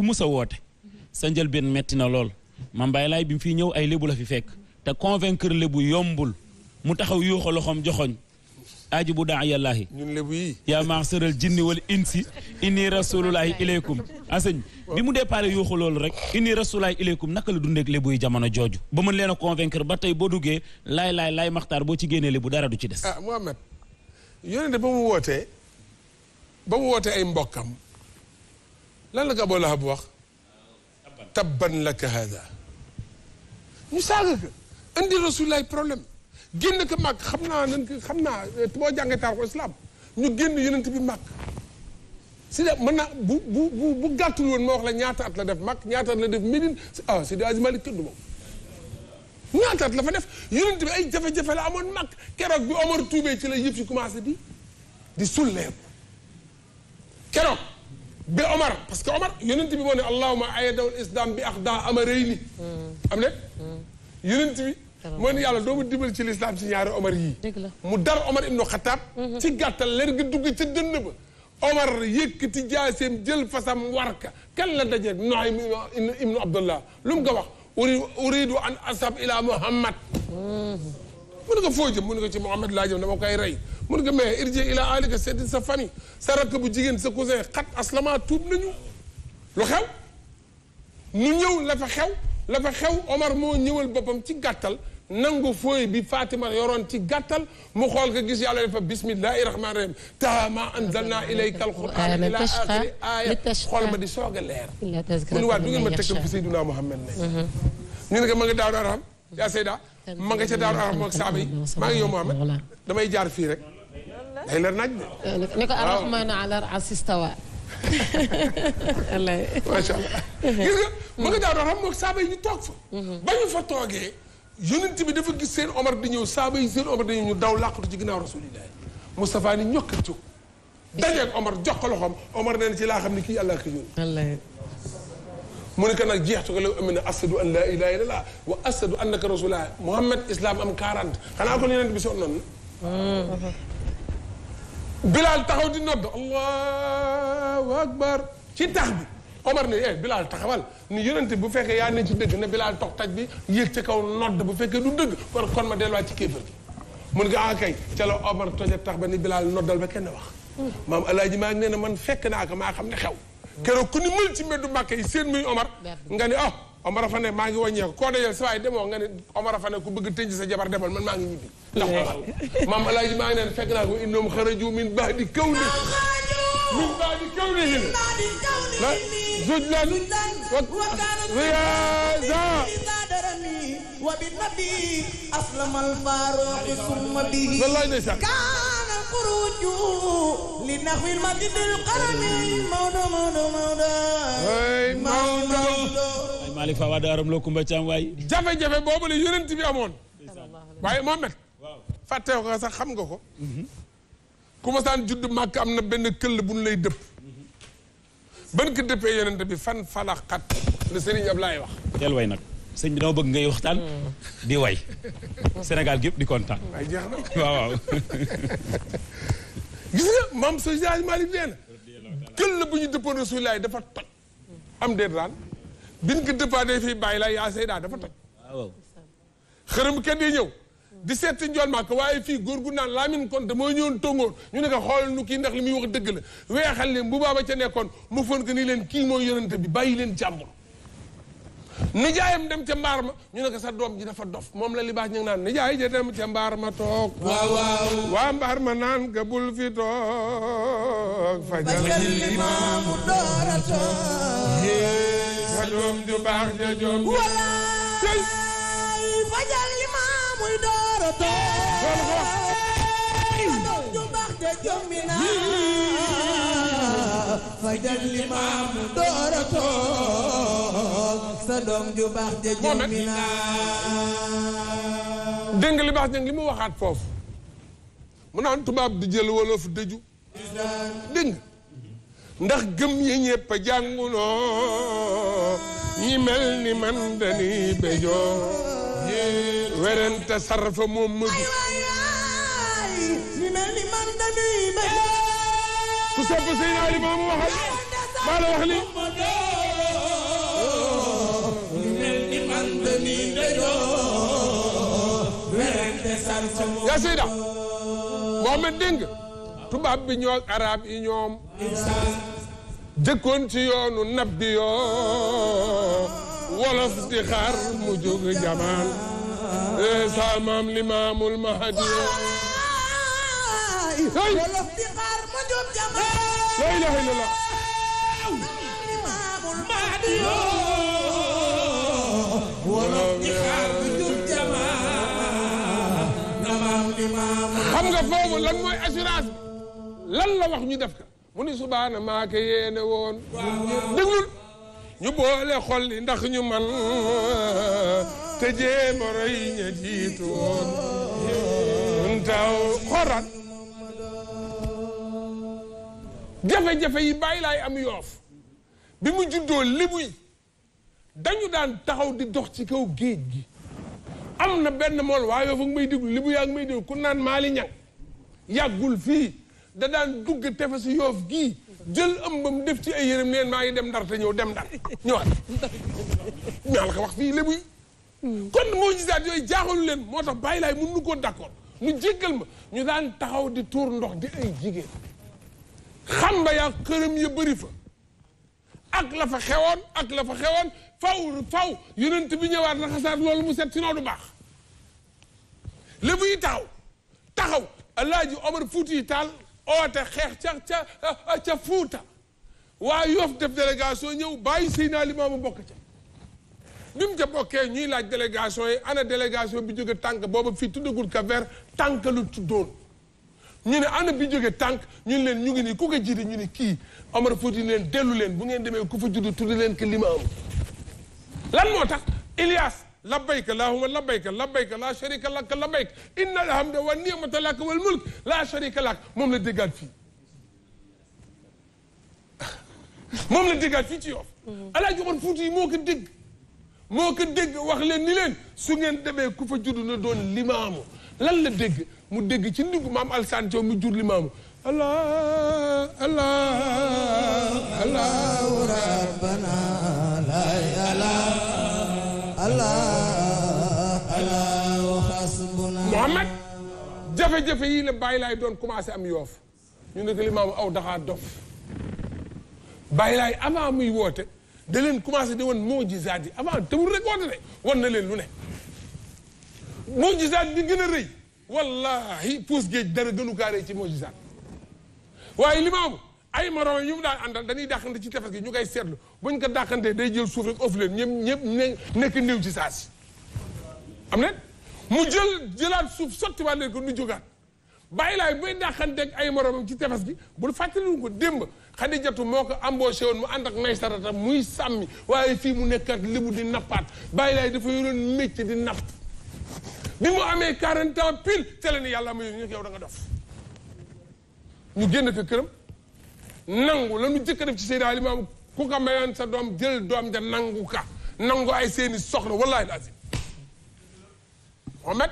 ku mus a woote sa njëlbeen metti na lool ma Baye laay bi mu ñëw ay lébu la fi fekk te convaincre lébu yombul mu taxaw yuuxa loxoom joxoñ aji bu daa yàllaahi ñun lébu yi yaa maa sëral jinni wala insi inni rasulullahi ilaykum aseñ ah, bi mu départ yuuxu loolu rek inni rasulullahi ilaykum naka la dundeek lébu yi jamono jooju ba mën leen a ba tey boo duggee laay laay laay maxtaar boo ci génnee lébu dara du ci des ah Mohamed yónente ba mu wootee ba mu wootee ay mbokkam lan la ko Abu bu wax tabban laka hada ñu saaga ko indi rasulullahi problème génn ko màkk xam naa nan ko xam naa eh, boo jàngee taarixu islam ñu génn yonent bi màkk si de mën naa bu bu bu bu gàttul woon ma wax la ñaata at la def mag ñaata at la def Médine ah si de Aji Malik kenn du moom ñaata at la fa def yonent bi ay jafe-jafe la amoon màkk keroog bi Omar tuubee ci la yëpp si commencé di di sulleeku keroog bi Omar parce que Omar yonent bi moo ne allahuma ayadawul islam bi ak daa ama rëy ni hmm. am ne hmm. yonent bi moo ne yàlla doomu dimbali ci lislaam ci ñaari Omar yii mu dar Omar ibnu Xataab hmm. ci gàttal leer gi dugg ca dënn ba Omar yëkkati jaaseem jël fasam warka kan la dajeeg Nuhaym ibnu Abdullah lu mu ko wax uridu an asab ila Muhammad mun ko foo jëm mun nga ci Mouhamed laa jëm dama koy rey ila alika seeti sa famille sa rakk bu jigéen sa cousin xat aslama tuub nañu lu xew mu ñëw la fa xew la fa xew Omar moo ñëwal boppam ci gàttal nangu fooy bi Fatima yoroon ci gàttal mu xool ko gis yàlla fa bismillahi rahmaani rahim taha ma anzalna ilayka alquran ila axiri aaya xool ma di soog a leer mu ne waa du ngeen ma tëkkal fi Seydina Mouhamed ne ñu ne ko ma nga daaw daa ma nga ca daaru araf moog saaba yi maa ngi yow Mohamed damay jaar fii rek day leer naaj de euh, ni ko arrahmaanu ala arsi stawa macha allah nga ma nga daaru saaba yi ñu toog fa mhm. ba ñu fa toogee yonent bi dafa gis seen omar di ñëw saaba yi seen omar di ñu daw làqatu ci ginnaaw rasulillah Moustapha ni ñokk a jóg omar jox ko loxoom omar nee na ci laa xam ne kii yàlla ak yónni mu ne nag jeextu ko la am na asadu an laa ilaha illa allah wa asadu annaka rasulullah Muhammad islam am 40 xanaa kon yeneen bi si noonu na. Bilal taxaw di nodd allahu akbar ci tax bi Omar ne eh Bilal taxawal ni yonente bu fekkee yaa ne ci dëgg ne Bilal tox taj bi yéeg ca kaw nodd bu fekkee du dëgg kon kon ma delluwaat ci kéefër gi mun nga ah kay ca la Omar toja tax ba ni Bilal noddal ba kenn wax. maam El Hadj maa ngi ne man fekk naa ko maa xam ne xew. keroog ku ni mël ci mbeddu Mbàkke yi seen muy Omar nga ni oh Omar a fa ne maa ngi wàññeeku koo dajal sa waay demoo nga ne Omar a fa ne ku bëgg tënj sa jabar demal man maa ngi ñibbi ndax Omar maam alaaji maa ngi neen fekk naa ko innoom xaraju min baax di kaw ne min baax di kaw ne hin la zoj lan riyaza wa bi nabi aslamal faaruqi summa bihi wallaay ndeysaan الخروج لنحو المسجد القرني موضوع موضوع موضوع Malick Fa waa daaram loo Kumba Caam waay jafe-jafe boobu la yonent bi amoon waaye Mohamed fàtte ko sax xam nga ko ku ma saan judd màkk am na benn këll bu ñu lay dëpp ban ko dëppee yonent bi fan falaxat la Serigne Ablaye wax teel way nag sëñ bi dama bëgg ngay waxtaan. Hmm. di way Sénégal gépp di kontaan. waaw jeex na waaw waaw. gis nga maam sa jaaj Malick nee na. këll la bu ñu dëppoon Rasulullah dafa toj. am déet daal bi ñu ko dëppaatee fii bàyyi laa yaa Seyda dafa toj. Ah, waaw. xërëm kenn di ñëw. di seet njool màkk waaye fii góor gu naan Lamine Konte damooy ñëwoon tongoor ñu ne ko xool nu kii ndax li muy wax dëgg la weexal leen bu baaba ca nekkoon mu fën ko ni leen kii mooy yonente bi bàyyi leen jàmbur. nijaayam dem ca ma ñu ne ko sa doom ji dafa dof moom la li baax ñu naan nijaay ja dem ca mbaar ma toog. waaw waaw waa mbaar ma naan ga bul fi toog. fajal li a li maamuy door a sa doom ju baax ja jëmmi naa li baax ñang li mu waxaat foofu mu naan tubaab di jël wolof dëju dégg ndax gëm ya ñëpp a jàngunoo ñi mel ni man dañuy béjoo werante sarfa moom mëdu ñi mel ni man dañuy béjoo ku sopp Seydina Ali moomu waxal maa la wax li yaa seyda boo ma dégg tubaab bi ñoo arab yi ñoom jëkkoon ci yoonu nab bi yoo wolof di xaar mu jóg jamaan eh, saamaam limaamul mahadi wolof di xaar mu jóg jamaan laa ilaaha illallaah limaamul mahadi wolof di xaar nga foofu lan mooy assurance bi lan la wax ñu def ko mu ni subaana maa ko yéene woon déglul ñu boole xol li ndax ñu man te jéem a ña jiitu woon ñun xorat jafe-jafe yi bàyyi lay am yoof bi mu juddoo lébu dañu daan taxaw di dox ci kaw géej gi am na benn mool waa yoo foog may déglu li bu yaa ngi may déglu ku naan maali ñang yàggul fii da daan dugg tefesu yoof gii jël ëmbam def ci ay yërëm neen maa ngi dem ndar te ñëw dem ndar ñëwaat ñaal ko wax fii lébu yi kon moo gisaat yooyu jaaxalu leen moo tax bàyyi laay mun nu koo d'accord nu jéggal ma ñu daan taxaw di tuur ndox di ay jigéen xam yaa këram ya bëri fa ak la fa xewoon ak la fa xewoon faw faw yonent bi ñëwaat raxasaat loolu mu set ci du baax lépp yi taxaw taxaw alaaji Omar Fuuti Taal oote xeex ca ca ca Fuuta waa Yoof def délégation ñëw bàyyi Seydina Limaamu bokk ca bi mu ca bokkee ñuy laaj délégation yi ana délégation bi jóge tànk booba fii tuddagul Cap-Vert tànk tuddoon ñu ne ana bi jóge tànk ñu ne leen ñu ngi nii ku ko jiite ñu ne kii Omar Fuuti leen dellu leen bu ngeen demee ku fa judd tudd leen que Limaamu lan moo tax Ilias labbayka allahumma labbayka labbayka laa sharika laka labbayka inna alhamda wa nimata laka wal mulk laa sharika lak moom la déggaat fii moom la déggaat fii ci Yoff Alaaji Omar Fuuti yi moo ko dégg moo ko wax leen ni leen su ngeen demee ku fa juddu na doon limaamu lan la dégg mu dégg ci ndiggu maam Alsaan Caw mi jur limaamu allah jëfe jafe yii la bàyyi laay doon commencé am yoof ñu ne ko limaamu aw daxaa dof bàyyi laay avant muy woote da leen commencé di wan moojizaat yi avant tëbul rek woote de wan na leen lu ne moojizaat bi gën a rëy wallahi puus géej dara gënu kaa rëy ci moojizaat waaye limaamu ay moroom yu mu daan àndal dañuy dàqante ci tefes gi ñu koy seetlu buñ ko dàqantee day jël suuf rek off leen ñëpp ñëpp nekk néew ci saasi am na mu jël jëlaat suuf sottiwaat leen ko nu jógaat bàyyi ndax bay dàqanteeg ay moromam ci tefes gi bul fàttaliwul ko démb xadijatu moo ko embauché woon mu ànd ak maysarata muy sàmmi waaye fii mu nekkaat libu di nappaat bàyyi laay dafa yoroon métier mu amee 40 ans pile yàlla ma yónni yow da nga dof ñu ko këram nangu la ñu jëkk ci Seydina Limaamu sa doom jël doom ja nangu ka nangu ay seeni soxna wallaahi azim Mohamed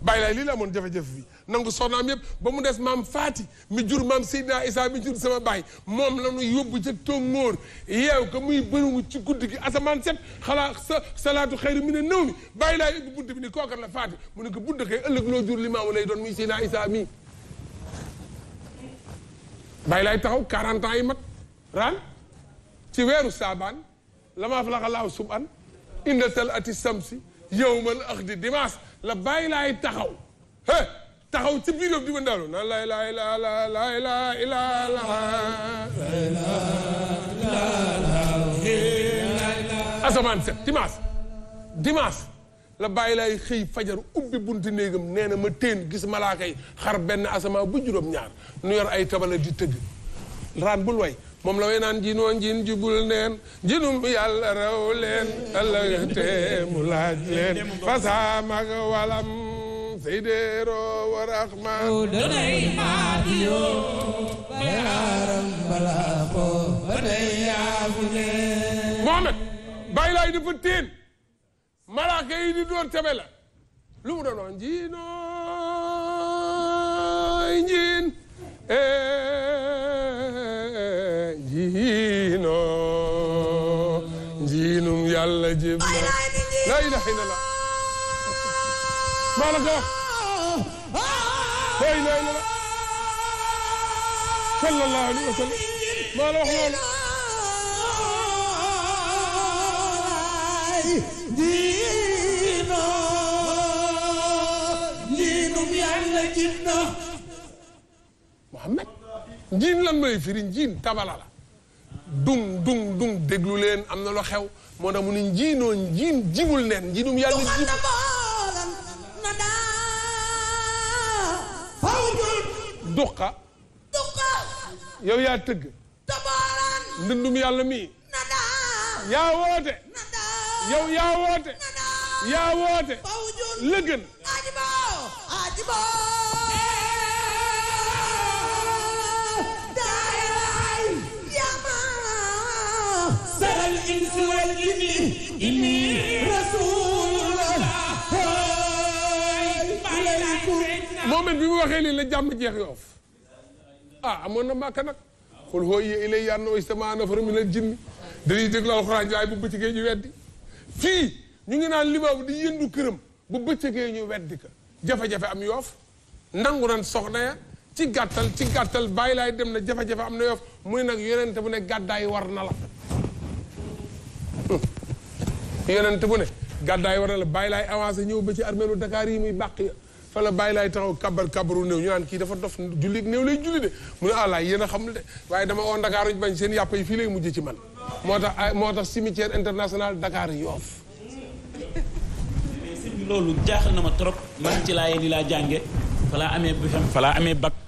bàyyi laay lii la amoon jafe-jafe bi nangu soxnaam yëpp ba mu des maam faati mi jur maam Seydina Isa mi jur sama baay moom la ñu yóbbu ca tóngóor yeew ko muy ci guddi gi asamaan xalaa sa salaatu xayri ne nëw mi bàyyi laay ubbi bi ni kookar la mu ne budd kay ëllëg loo jur limaamu lay doon muy Seydina Isa mii bàyyi laay taxaw 40 ans mag raan ci weeru saabaan lamaa fa laxa laaw sub an inda samsi yow man ak la bàyyi laay taxaw hé taxaw ci biir yëpp di wëndaalu naan laa ilaaha illallaah laa ilaaha illallaah asamaan set dimanche dimanche la bàyyi laay xëy fajar ubbi bunti néegam nee na ma téen gis malaaka yi xar benn asamaan bu juróom-ñaar nu yor ay tabala di tëgg raan bul way moom la way jin woo njin jubul neen njinum yàlla raw leen ëllëgte mu laaj leen fasamak walam seydéero wa raxmaan o danay maadiyo bayaaram bala ko ba day yaabu leen Mohamed bàyyi laay dafa teen malaaka yi di doon tebe la lu mu doon njinooy njin eh. hiino njiinum yàlla jib na laa ilaha illallah maa la ko wax laa ilaha illallah sallallahu alayhi wa sallam maa la wax loolu diino diinum yàlla jib na Muhammad njiin lan mooy firi njiin tabala la dung dung dung déglu leen am na lu xew moo tax mu ne njiinoo njiin jibul nen njiinum yàlla jib duqa yow yaa tëgg ndëndum yàlla mii yaa woote yaa woote yaa woote lëgën الإنس والجن إني رسول الله moomen bi mu waxee lii la jàmm jeex yoof ah amoon na màkk nag xul hoo yi ilay yanno istama nafar min al jinni dañuy déglu alxuraan waaye bu bëccëgee ñu weddi fii ñu ngi naan libaab di yëndu këram bu bëccëgee ñu weddi ko jafe-jafe am yoof nangu nan soxna ya ci gàttal ci gàttal bàyyi laay dem na jafe-jafe am na yoof muy nag yonente bu ne gàddaay war na la yonent bu ne gàddaay war na la bàyyi laay avancé ñëw ba ci armeelu Dakar yi muy bàq ya fa la laay taxaw kabar kabaru néew ñu naan kii dafa dof julli néew lay julli de mu ne àllaay ah, yéen xam xamul de waaye dama oo Dakar ñu bañ seen yàpp yi fii lay mujj ci man moo tax ay ah, moo tax cimetière international Dakar Yoff loolu jaaxal na ma trop man ci laa yee ni laa jànge falaa amee bifam falaa amee bac